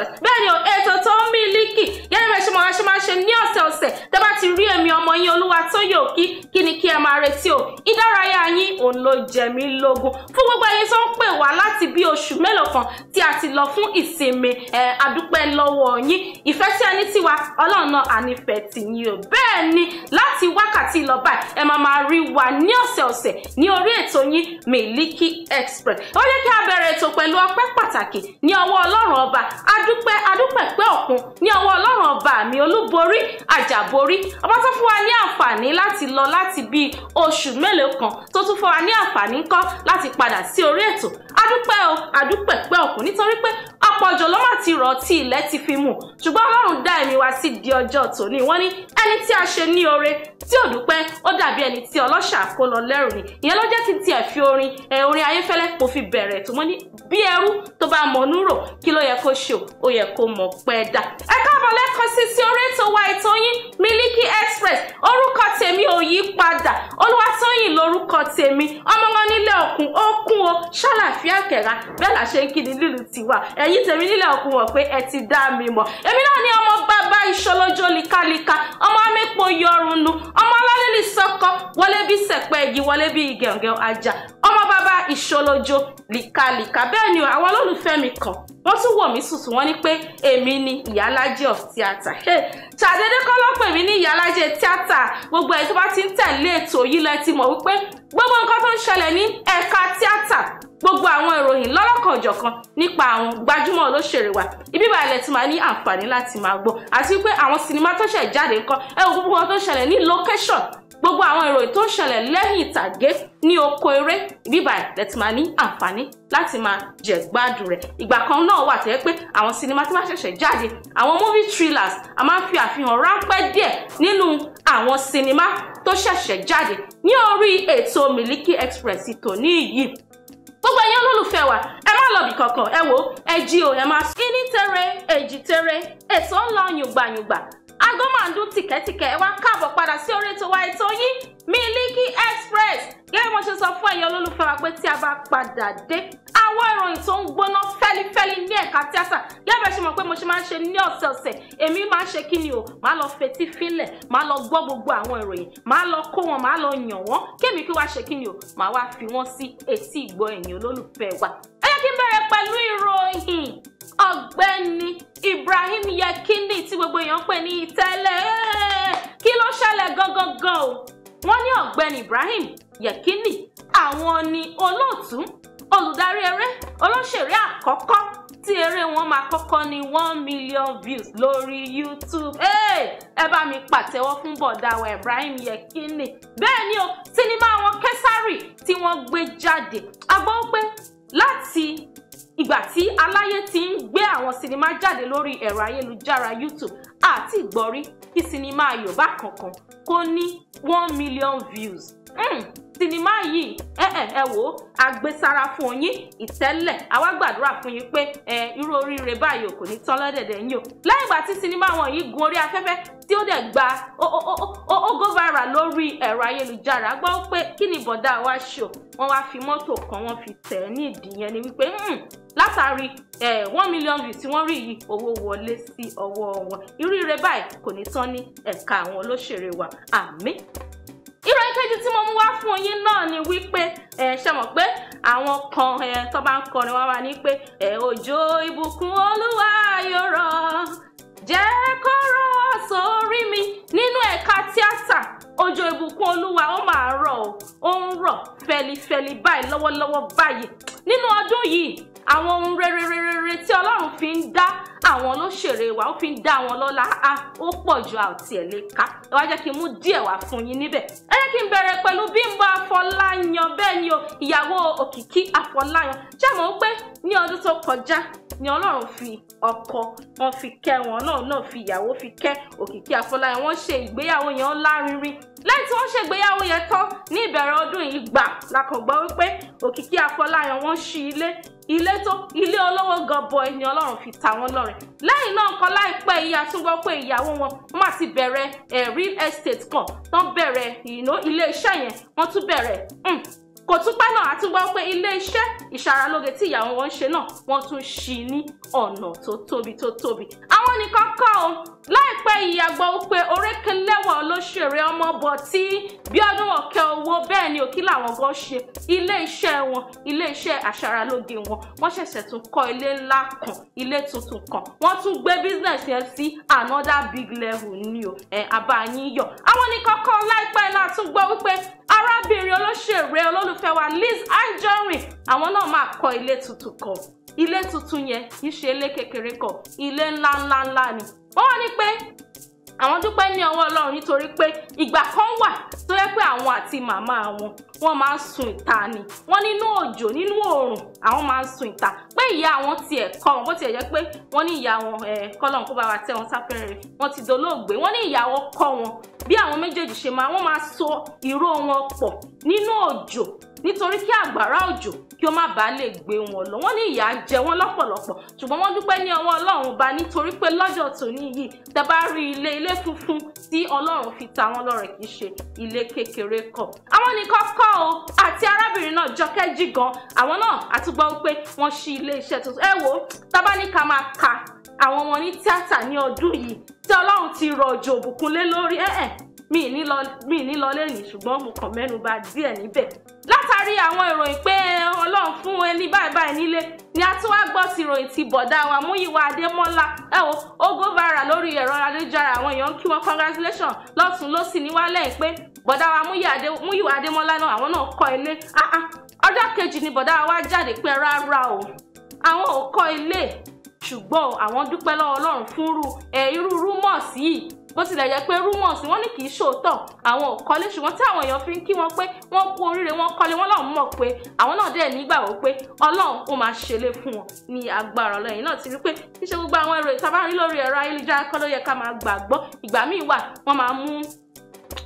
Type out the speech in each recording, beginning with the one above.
express bẹ́ẹ̀ ni ètò tó ń Miliki gẹ́gẹ́ bẹ́ẹ̀ ṣe máa ṣe máa ṣe ní ọ̀sẹ̀ ọ̀sẹ̀ tẹ́ bá ti rí èmi ọmọ yín Olúwatóyè Òkí kí ni kí ẹ máa retí o ìdárayá yín òun ló jẹ mí lógún fún gbogbo ẹyin tó ń pè wá láti bí oṣù mélòó kan tí a ti lọ fún ìsinmi ẹ adúpẹ́ lọ́wọ́ yín ìfẹ́ tí a ní tiwa Ọlọ́run náà ànífẹ́ tì yín o bẹ́ẹ̀ ni láti wákàtí lọ báyìí ẹ máa máa rí wa ní ọ̀sẹ̀ọ̀sẹ̀ ní orí ètò yín Miliki Express ó yẹ kí a bẹ̀rẹ̀ ètò pẹ̀lú ọpẹ́ pàtàkì ní ọwọ́ Ọlọ́run ọba adúpẹ́ adúpẹ́ pẹ́ òkun ní ọwọ́ Ọlọ́run ọba mi olúborí àjàborí ọba tó fún wa ní àǹfààní láti lọ láti bí oṣù mélòó kan tó tún fún wa ní àǹfààní ńkọ́ láti padà sí orí ètò adúpẹ́ o adúpẹ́ pẹ́ ọkùn nítorí pé ọ̀pọ̀ ọjọ́ ló má ti rọ̀ tí ilẹ̀ ti fi mù ṣùgbọ́n ọlọ́run dá ẹ̀mí wa sí di ọjọ́ tòní wọ́n ní ẹni tí a ṣe ní oore tí ò dúpẹ́ ó dàbí ẹni tí ọlọ́ṣà kó lọ lẹ́rù ni ìyẹn ló jẹ́ kí n tiẹ̀ fi orin ẹ orin ayéfẹ́lẹ́ kò fi bẹ̀rẹ̀ tó mọ́ ní bí ẹrú tó bá mọ̀ ọ́nú rò kí ló yẹ kó ṣe ó yẹ kó mọ̀ pẹ́ dà ẹ káàbọ̀ lẹ́kọ̀ọ́ sí sí orí ètò wa ètò yín mílí orúkọ tèmi ọmọ wọn nílé òkun ó kún o ṣàlàfíà kẹra bẹ́ẹ̀ là ṣe ń kí ni lílu tiwa ẹ̀yin tèmi nílé òkun wọ̀ pé ẹ ti dá mi mọ̀ èmi náà ni ọmọ bàbá ìṣọlójó likalika ọmọ amẹ́pọ̀ yọrùnù ọmọ alálẹ́lì sọ́kọ wọlé bí sẹ̀pẹ́ igi wọlé bí gẹ̀ǹgẹ̀ ajá ọmọ bàbá ìṣọlójó likalika bẹ́ẹ̀ ni àwọn olólùfẹ́ mi kan wọ́n tún wọ̀ mí sùsù wọ́n ní pé èmi ni ìyálájẹ of theatre ṣàdédé kọ́ ló pè mí ní ìyálájẹ tíátà gbogbo ẹ̀ tó bá ti ń tẹ̀lé ètò yìí lẹ ti mọ̀ wípé gbogbo nǹkan tó ń ṣẹlẹ̀ ní ẹ̀ka tíátà gbogbo àwọn ìròyìn lọ́lọ́kanòjọ̀kan nípa àwọn gbajúmọ̀ olóṣèré wa ibi ìbàlẹ̀ tí máa ní àǹfààní láti máa gbọ́ àti wípé àwọn sinimá tó ṣẹ̀ jáde ńkọ́ ẹ wo gbogbo wọn tó ṣẹlẹ̀ ní location gbogbo àwọn ìròyìn tó ń ṣẹlẹ̀ lẹ́yìn ìtàgé ní oko eré bíbà lẹ́tì máa ní àǹfààní láti máa jẹ gbádùn rẹ̀ ìgbà kan náà wà tẹ́ pé àwọn sinimá tí wọ́n ṣẹ̀ṣẹ̀ jáde àwọn movie thrillers a máa ń fi àfihàn ráńpẹ́ díẹ̀ nínú àwọn sinimá tó ṣẹ̀ṣẹ̀ jáde ní orí ètò Miliki Express tòní yìí gbogbo ẹ̀yin olólùfẹ́ wa ẹ má lọ bì kankan ẹ wo ẹ jí o ẹ má sùn. kí tẹrẹ èjì tẹrẹ ètò ńlá yùngbàyùngbà aago máa ń dún tìkẹ́tìkẹ́ ẹ wá káàbọ̀ padà sí orí ètò wa ètò yín Miliki Express gẹ́gẹ́ mo ṣe sọ fún ẹ̀yin olólùfẹ́ wa pé tí a bá padà dé àwọn ìròyìn tó ń gbóná fẹ́lifẹ́li ní ẹ̀ka tíátà gẹ́gẹ́ bẹ́ẹ̀ ṣe mọ̀ pé mo ṣe máa ń ṣe ní ọ̀sẹ̀ọ̀sẹ̀ èmi máa ń ṣe kí ni o máa lọ fetí fílẹ̀ máa lọ gbọ́ gbogbo àwọn ìròyìn máa lọ kó wọn máa lọ yàn wọ́n kémi kí wá ṣe kí ni o máa wá fi wọ́n sí etí ìgbọ́ ẹ̀yin olólùfẹ́ wa jẹ́ kí n bẹ̀rẹ̀ pẹ̀lú ìròyìn ọ̀gbẹ́ni Ibrahim Yekini tí gbogbo èèyàn ń pè ní ìtẹ́lẹ̀ kí ló ṣẹlẹ̀ gangan o wọ́n ní ọ̀gbẹ́ni Ibrahim Yekini àwọn ni olóòtú olùdarí eré olóṣèré àkọ́kọ́ tí eré wọn máa kọ́kọ́ ní one million views lórí YouTube ẹ bá mi pàtẹ́wọ́ fún bọ̀dá wa Ibrahim Yekini bẹ́ẹ̀ ni o sinimá wọn Késàrì tí wọ́n gbé jáde a pé láti ìgbà tí aláyé ti ń gbé àwọn sinimá jáde lórí ẹ̀rọ ayélujára YouTube àti ìgbọ́rí kí sinimá Yorùbá kankan kó ní one million views Hmm, sinimá yìí ẹ eh, ẹ eh, ẹ wò ó agbésára fún yín ìtẹ́lẹ̀ àwa gbàdúrà fún yín pé ẹ eh, irú oríire báyìí ò kò ní tán lọ́dẹ̀dẹ̀ yín o lẹ́yìn ìgbà tí sinimá wọn yìí gun orí afẹ́fẹ́ tí ó dẹ̀ gba ó go viral lórí ẹ̀rọ ayélujára gbọ́ pé kí ni bọ̀dá wa ṣe o wọ́n wá fi mọ́tò kan wọ́n fi tẹ̀ ẹ́ ní ìdí yẹn ni wípé hmm, látàrí one million views tí wọ́n rí yìí owó wọlé sí ọwọ́ wọn irú ire báyìí kò ní tán ní ẹ̀ka àwọn olóṣèré wa àmín ìròyìn kejì tí mo mú wá fún yín náà ni wípé ẹ ṣe mọ̀ pé àwọn kan ẹ tó bá ń kọrin wọn wá ní pé ẹ òjò ìbùkún olúwa yóò jẹ́ kó rọ̀ sórí mi nínú ẹ̀ka tíátà òjò ìbùkún olúwa ó máa rọ̀ ó ń rọ̀ fẹlifẹli báyìí lọ́wọ́lọ́wọ́ báyìí nínú ọdún yìí àwọn ohun rere rere tí ọlọ́run fi ń dá àwọn olóṣèré wa ó fi ń dá àwọn lọ́lá á ó pọ̀ ju àti ẹ̀ lè ká ẹ wá jẹ́ kí n mú díẹ̀ wá fún yín níbẹ̀ ẹ jẹ́ kí n bẹ̀rẹ̀ pẹ̀lú Bímbọ́ Afọláyan bẹ́ẹ̀ ni o ìyàwó Òkìkí Afọláyan ṣàmọ́ pé ní ọdún tó kọjá ni ọlọ́run fi ọkọ wọn fi kẹ́ wọn ọlọ́run náà fi ìyàwó fi kẹ́ Òkìkí Afọláyan wọ́n ṣe ìgbéyàwó yẹn lárinrin lẹ́yìn tí wọ́n ṣègbéyàwó yẹn tán ní ìbẹ̀rẹ̀ ọdún yìí gbà làkàngbọ́ wípé òkìkí afọláyàn wọn ṣí ilé ilé tó ilé olówó gọbọi ni ọlọ́run fi ta wọ́n lọ́rẹ lẹ́yìn náà nǹkan láìpẹ́ yìí a tún gbọ́ pé ìyàwó wọn wọ́n máa ti bẹ̀rẹ̀ ẹ̀ eh, real estate kan tán bẹ̀rẹ̀ ilé iṣẹ́ yẹn wọ́n tún bẹ̀rẹ̀ hmm, kò tún pẹ́ náà a tún gbọ́ pé ilé iṣẹ́ ìṣaralóge tí ìyàwó wọn ń ṣe náà wọ́n tún ṣí ní ọ̀nà tó tóbi tó tóbi. àwọn nìkan kọ́ o láìpẹ́ yìí a gbọ́ pé orékelẹ́wà olóṣèré ọmọbọ̀ tí Bíọ́dún Ọ̀kẹ́ Owó bẹ́ẹ̀ ni òkí làwọn gan ṣe ilé iṣẹ́ wọn ilé iṣẹ́ aṣaralóge wọn wọ́n ṣẹ̀ṣẹ̀ tún kọ́ ilé ńlá kan ilé tuntun kan wọ́n tún gbé business yẹn sí another big level ni o ẹ̀ àbáyín yọ̀. àwọn nìkan kọ́ láìpẹ́ la tún gbọ́ wípé arábìnrin olóṣèré olólùfẹ́ wa Liz Anjorin àwọn náà máa kọ́ ilé tuntun kan ilé tuntun yẹn kì í ṣe ilé kékeré kan ilé ńláńláńlá ni ó wá ní pé àwọn dúpẹ́ ní ọwọ́ ọlọ́run nítorí pé ìgbà kan wà tó yẹ pé àwọn àti màmá wọn wọn máa ń sun ìta ni wọn nínú òjò nínú oòrùn àwọn máa ń sun ìta pé ìyá àwọn tiẹ̀ kọ́ wọn bó tiẹ̀ jẹ́ pé wọ́n ní ìyá wọn kọ́lọ́n kó bá wa tẹ́ wọn sáfẹ́rẹ́ rẹ̀ wọ́n ti dolóògbé wọ́n ní ìyá wọn kọ́ wọn bí àwọn méjèèjì ṣe máa wọ́n máa so ìró wọn pọ̀ nínú òjò nítorí kí àgbàrá òjò kí ó má bàa lè gbé wọn lọ wọ́n ní ìyà jẹ wọ́n lọ́pọ̀lọpọ̀ ṣùgbọ́n wọ́n dúpẹ́ ní ọwọ́ Ọlọ́run ba nítorí pé lọ́jọ́ tòní yìí tẹ́ bá rí ilé ilé funfun tí Ọlọ́run fi ta wọ́n lọ́rẹ kì í ṣe ilé kékeré kọ́ àwọn nìkan kọ́ o àti arábìnrin náà Jọkẹ́ Jígan àwọn náà àtúgbọ́ pé wọ́n ṣí ilé iṣẹ́ tuntun ẹ wo tábáníkà máa ka àwọn ọmọ ní tíátà ní ọdún yìí tí Ọlọ́run ti rọ òjò òbùkún lé lórí ẹ ẹ mi ní lọ lẹ́yìn ṣùgbọ́n mo kàn mẹ́nu bà díẹ̀ níbẹ̀ látàrí àwọn ìròyìn pé ọlọ́run fún ẹni báyìí báyìí nílé ni a tún wá gbọ́ sí ìròyìn ti bọ̀dá wa Múyìwá Adémọ́lá ẹ wo ó go viral lórí ẹ̀rọ ayélujára àwọn èèyàn kí wọ́n congratulation lọ́tún lọ́sìn níwálẹ̀ pé bọ̀dá wa Múyìwá Adémọ́lá náà àwọn náà kọ́ ilé ah, ah, ọjọ́ kejì ni bọ̀dá wa jáde pé rárá o àwọn ò kọ́ ilé ṣùgbọ́n àwọn dúpẹ́ lọ́wọ́ ọlọ́run fún irú rúmọ̀sì yìí bó tilẹ̀ jẹ́ pé rumors wọ́n ní kì í ṣòótọ́ àwọn ò kọ́lé ṣùgbọ́n tí àwọn èèyàn fi ń kí wọn pé wọ́n kú oríire wọ́n kọ́lé wọ́n lọ́n mọ̀ pé àwọn náà dẹ̀ nígbàgbọ́ pé ọlọ́run ó máa ṣẹlẹ̀ fún wọn ní agbára ọlọ́yin náà ti rí pé kí ṣe gbogbo àwọn èrò ìtabárí lórí ẹ̀rọ ayélujára kọ́ ló yẹ ká máa gbàgbọ́ ìgbà míì wà wọ́n máa mú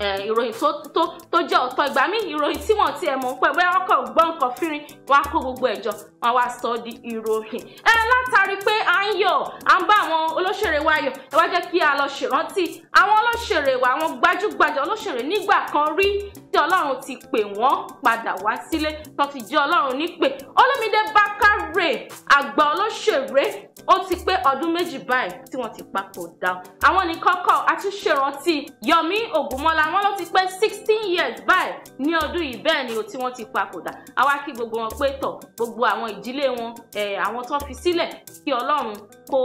Eh, ìròyìn tó tó tó jẹ́ ọ̀tọ̀ ìgbà míì ìròyìn tí wọ́n ti ẹ̀ mọ̀ pé bóyá ọkọ̀ gbọ́ nǹkan fínrin wá kó gbogbo ẹ̀jọ wọn wá sọ di ìròyìn. ẹ eh, látàrí pé à ń yọ̀ à ń bá àwọn olóṣèré wa yọ̀ ẹ wá jẹ́ kí a lọ ṣèrántí àwọn olóṣèré wa àwọn gbajúgbajà olóṣèré nígbà kan rí tí ọlọ́run ti pè wọ́n padà wá sílé tó ti jẹ́ ọlọ́run nípè olómìdé bákàrè àgbà olóṣèré ó ti pé ọdún méjì báyìí tí wọ́n ti papòdà àwọn ní kọ́kọ́ àtúnṣèrántí yomi ògúnmọ́lá wọn ló ti pé sixteen years báyìí ní ọdún yìí bẹ́ẹ̀ ni o tí wọ́n ti papòdà àwa kí gbogbo wọn pé tọ̀ gbogbo àwọn ìdílé wọn eh, àwọn tó fi sílẹ̀ kí ọlọ́run kó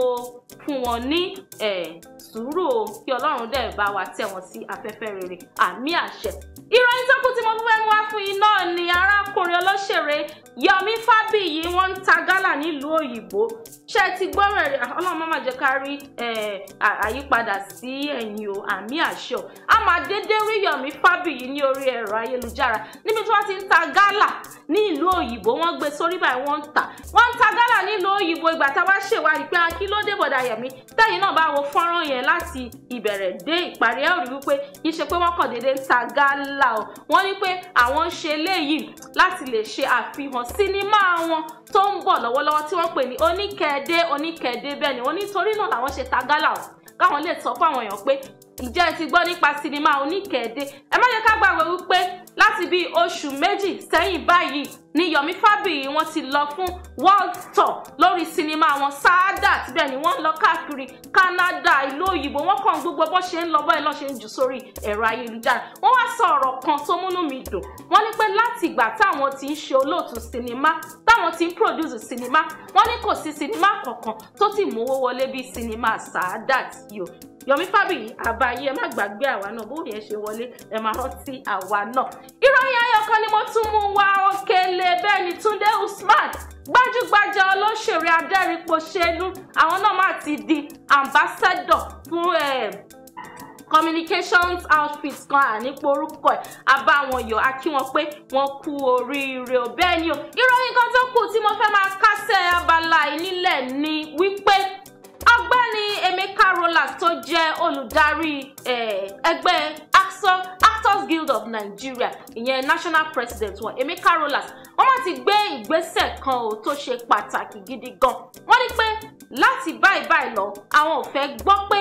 fún wọn ní eh, sùúrù o kí ọlọ́run dẹ̀ bá wa tẹ̀ wọ́n sí afẹ́fẹ́ rere àmì àṣẹ. ìròyìn tó kù tí mo fẹ́ mú wá fún yín náà ni arákùnrin olóṣèré Yọmí Fábíyì wọ́n ń ta gálà nílùú òyìnbó ṣe ti gbọ́rọ̀ ẹ̀rí ọlọ́run máa jẹ́ ká rí àyípadà sí ẹ̀yìn o àmì àṣẹ o a máa dédé rí Yọmí Fábíyì ní orí ẹ̀rọ ayélujára níbi tí wọ́n ti ń ta gálà ní òyìnbó wọ́n gbé sórí báyìí wọ́n ń ta wọ́n ń ta gálà nílùú ìgbà tá a wá ṣèwádìí pé ah, kí ló dé bọ̀dà yẹ̀mí tẹ́yìn náà bá wo fọ́nrán yẹn láti ìbẹ̀rẹ̀ dé ìparí ẹ̀ ò rí wípé kì í ṣe pé wọ́n kàn déédéé ń ta gálà o wọ́n ní pé àwọn ń ṣe léyìí láti lè ṣe àfihàn sínímà wọn tó ń bọ̀ lọ́wọ́lọ́wọ́ tí wọ́n pè ní oníkẹ́ẹ̀dé oníkẹ́ẹ̀dé bẹ́ẹ̀ ni onítorí náà làwọn ṣe ta gálà o káwọn lè sọ fáwọn èèyàn pé ǹjẹ́ ẹ ti gbọ́ nípa sinimá oníkẹ̀ẹ́dé ẹ má yẹ ká gbàgbé wípé láti bí oṣù méjì sẹ́yìn báyìí ni Yomi Fabiyi wọ́n ti lọ fún world tour lórí sinimá wọn Saadat bẹ́ẹ̀ ni wọ́n ń lọ káàkiri Canada ìlú òyìnbó wọ́n kàn gbogbo bó ṣe ń lọ bọ́ẹ̀ lọ́ ṣe ń jù sórí ẹ̀rọ ayélujára wọ́n wá sọ ọ̀rọ̀ kan tó múnú mi dùn wọ́n ní pé láti ìgbà táwọn ti ń ṣe olóòtú sinimá táwọn ti ń produce sinimá wọ́n ní kò sí sinimá kankan tó ti mówó wọlé bí sinimá Sàádàt yìí o Yomi Fabiyi àbáyé ẹ má gbàgbé àwa náà bóun yẹn ṣe wọlé ẹ máa rántí àwa náà. ìròyìn ayọ̀ kan ni mo tún mú wá òkèlè bẹ́ẹ̀ ni Túndé Usman gbajúgbajà olóṣèré adẹ́rìnpọ̀ṣẹ́nu àwọn náà máa ti di ambassador fún eh, communications outfit kan ànípo orúkọ ẹ̀ a bá wọn yọ̀ a kí wọn pé wọ́n kú oríire ò bẹ́ẹ̀ ni o ìròyìn kan tó kù tí mo fẹ́ máa kásẹ̀ abala ìnílẹ̀ ni wípé ọ̀gbẹ́ni Emeka Rollas tó jẹ́ olùdarí ẹgbẹ́ ACSO Actors Guild of Nigeria ìyẹn national president wọn Emeka Rollas wọ́n má ti gbé ìgbésẹ̀ kan o tó ṣe pàtàkì gidi gan wọ́n ní pé láti báyìí báyìí lọ àwọn ò fẹ́ gbọ́ pé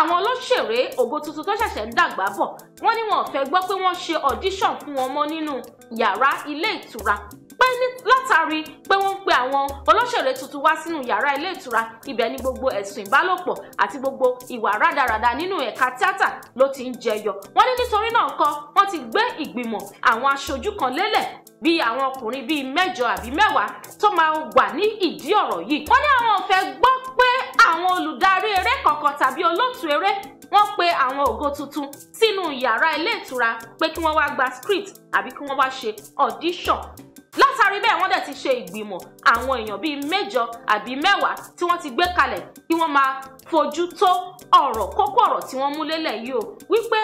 àwọn olóṣèré ògo tuntun tó ṣẹ̀ṣẹ̀ ń dàgbà bọ̀ wọ́n ní wọn ò fẹ́ gbọ́ pé wọ́n ṣe audition fún wọn mọ́ nínú yàrá ilé ìtura pé látàrí pé wọ́n ń pe àwọn olóṣèré tuntun wá sínú yàrá ilé ìtura ibẹ̀ ni gbogbo ẹ̀sùn ìbálòpọ̀ àti gbogbo ìwà rádaràda nínú ẹ̀ka tíátà ló ti ń jẹyọ wọ́n ní nítorí náà kọ́ wọ́n ti gbé ìgbìmọ̀ àwọn aṣojú kan lélẹ̀ bíi àwọn ọkùnrin bíi mẹ́jọ àbí mẹ́wàá tó máa wà ní ìdí ọ̀rọ̀ yìí. wọ́n ní àwọn ò fẹ́ gbọ́ pé àwọn olùdarí eré kọ̀ọ̀kan tàbí olóòtú eré wọ́n pe àwọn ògo tuntun sínú yàrá ilé ìtura pé kí wọ́n wá gba script àbí kí wọ́n wá ṣe audition látàrí bẹ́ẹ̀ wọ́n dẹ̀ ti ṣe ìgbìmọ̀ àwọn èèyàn bíi mẹ́jọ àbí mẹ́wàá tí wọ́n ti gbé kalẹ̀ kí wọ́n máa fojú tó ọ̀rọ̀ kókó ọ̀rọ̀ tí wọ́n mú lélẹ̀ yìí o wípé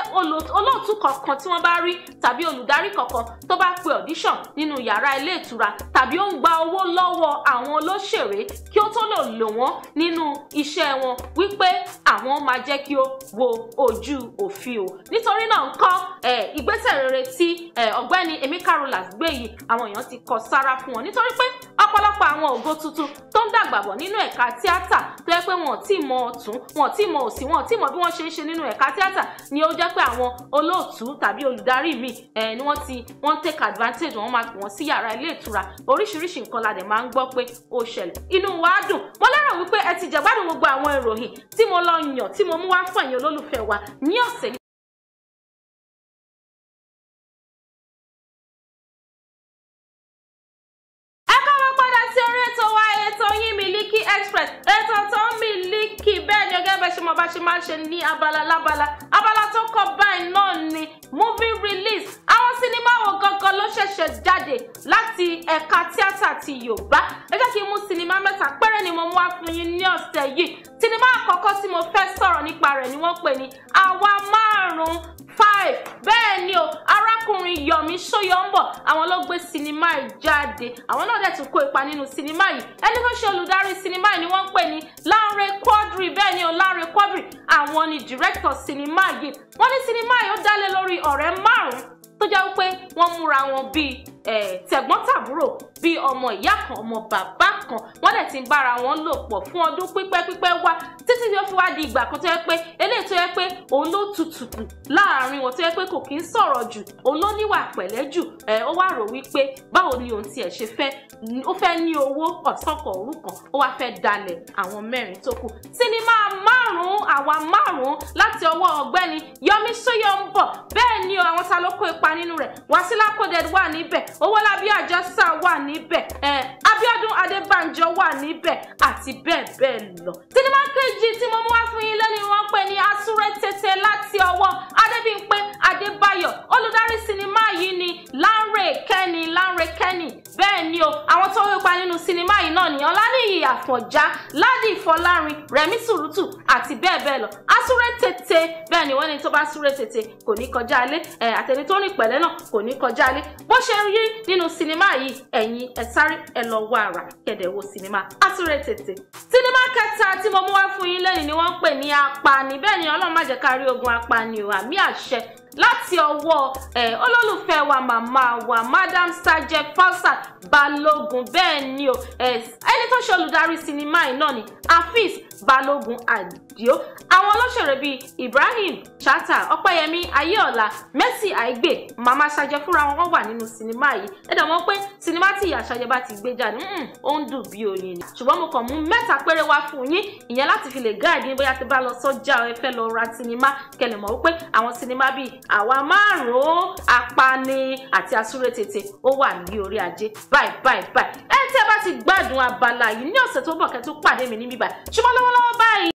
olóòtú kankan tí wọ́n bá rí tàbí olùdarí kankan tó bá pe audition nínú yàrá ilé ìtura tàbí ó ń gba owó lọ́wọ́ àwọn olóṣèré kí ó tó lò lò wọ́n nínú iṣẹ́ wọn wípé àwọn máa jẹ́ kí ó wo ojú òfin o nítorí náà ń kọ́ ìgbésẹ̀ rere tí ọ̀gbẹ́ni Emeka Rollas gbé yìí àwọn èèyàn ti láti kọ sára fún wọn nítorí pé ọ̀pọ̀lọpọ̀ àwọn ògo tuntun tó ń dàgbà bọ̀ nínú ẹ̀ka tíátà tó yẹ pé wọn ò tí mọ ọ̀tún wọn ò tí mọ òsì wọn ò tí mọ bí wọ́n ṣe ń ṣe nínú ẹ̀ka tíátà ni ó jẹ́ pé àwọn olóòtú tàbí olùdarí mi ẹ̀ eh, ni wọ́n ti wọ́n take advantage wọ́n máa pè wọ́n sí yàrá ilé ìtura oríṣiríṣi nǹkan la dẹ̀ máa ń gbọ́ pé ó ṣẹlẹ̀ inú wa dùn mo lérò wípé ẹ ti jẹ̀gbádùn gbogbo àwọn ìròyìn tí mo lọ yàn tí mo mú express ètò tó ń Miliki bẹ́ẹ̀ ni ọgẹ́ bẹ́ẹ̀ ṣe mọ̀ bá ṣe máa ń ṣe ní abala lábala abala tó kọ báyìí náà ni movie release àwọn sinimá wo gangan ló ṣẹ̀ṣẹ̀ jáde láti ẹ̀ka tíátà ti Yorùbá ẹ jẹ́ kí n mú sinimá mẹ́ta péré ni mo mú wá fún yín ní ọ̀sẹ̀ yìí sinimá àkọ́kọ́ tí mo fẹ́ sọ̀rọ̀ nípa rẹ̀ ni wọ́n pè ní àwa márùn-ún Wave bẹ́ẹ̀ ni o arákùnrin Yọ̀mí Ṣóyọ̀ǹbọ̀ àwọn ló gbé sinimá yìí jáde àwọn náà dẹ̀ tún kó ipa nínú sinimá yìí ẹni tó ṣe olùdarí sinimá yìí ni wọ́n ń pè ní Lánre Quadri bẹ́ẹ̀ ni o Lánre Quadri àwọn ni dírẹ́kítọ̀ sinimá yìí wọ́n ní sinimá yìí ó dálé lórí ọ̀rẹ́ márùn-ún tó jẹ́ wípé wọ́n múra wọn bíi tẹ̀gbọ́n-tàbúrò bíi ọmọ ìyá kan ọmọ bàbá kan wọ́n dẹ̀ ti ń bára wọn lò pọ̀ fún ọdún pípẹ́ pípẹ́ wá títí tí ó fi wá di ìgbà kan tó yẹ pé eléyìí tó yẹ pé òun ló tutù jù láàárín wọn tó yẹ pé kò kí ń sọ̀rọ̀ jù òun ló níwà pẹ̀lẹ́ jù ẹ̀ ó wá rò wípé báwo ni òun tiẹ̀ ṣe fẹ́ ó fẹ́ ní owó ọ̀sọ́kọ̀ orúkàn ó wá fẹ́ dalẹ̀ àwọn mẹ́rin tó kù sinimá márùn-ún àwa márùn-ún láti ọwọ́ ọ̀gbẹ́ni Yomi Soyombo bẹ́ẹ̀ ni àwọn ta ló kó ipa nínú rẹ̀ Wasila Coded wà níbẹ̀ Owólabí Àjọsà wà níbẹ̀ Abíọ́dún Adébánjọ wà níbẹ̀ àti bẹ́ẹ̀ bẹ́ẹ̀ lọ. sinimá kejì tí mo mú wá fún yín lẹ́nu wọn pè ní asúré tètè láti ọwọ́ Adébíyí Adébáyọ̀ olùdarí sinimá yìí ni Lánrè Kẹ́ni Lánrè Kẹ́ni bẹ́ẹ̀ ni o àwọn tó wípa nínú sinimá yìí náà ni Ọláníyì Àfọ̀njá Ládì Fọlárin Rẹ̀mí Sùrùtù àti bẹ́ẹ̀ bẹ́ẹ̀ lọ asúré tètè bẹ́ẹ̀ ni wọ́n ní tó bá súré tètè kò ní kọjá ilé ẹ̀ àtẹni tó rìn pẹ̀lẹ́ náà kò ní kọjá ilé bó ṣe rí nínú sinimá yìí ẹ̀yin ẹ̀ sáré ẹ̀ lọ wá ara kẹ̀dẹ̀ wo sinimá asúré tètè sinimá kẹta tí mo mú wá fún yín lẹ́yìn ni wọ́n ń pè ní apani bẹ́ẹ̀ ni Ọlọ́run má jẹ́ ká rí ogun apani o àmì àṣẹ láti ọwọ́ ẹ̀ eh, olólùfẹ́ wa màmá wa madam sajek falsat balógun bẹ́ẹ̀ ni o eh, ẹni tó ṣe olùdarí sinimá yìí náà ni afis balógun àdìó àwọn olóṣèré bíi ibrahim chata ọpẹ́yẹmí ayéọlá mercy àìgbè màmá sajẹ fúnra wọn wà nínú sinimá yìí ẹdọ mọ̀ pé sinimá tí ìyá sajẹ bá ti gbé jáde hmm, ó ń dùn bí oyin ni ṣùgbọ́n mo kàn mú mẹ́ta péré wá fún yín ìyẹn láti fi lè gáàdì bóyá ti bá lọ sọ́jà ẹ fẹ́ lọ ra sinimá kẹlẹ̀ mọ̀ wípé àwọn sinimá bíi àwa márùn-ún apani àti asúrétètè ó wà ní orí ajé báyìí báyìí báyìí ẹ tẹ́ bá ti gbádùn abala yìí ní ọ̀sẹ̀ tó bọ̀ kẹ́ tó pàdé mi níbí báyìí ṣùgbọ́n lọ́wọ́lọ́wọ́ báyìí.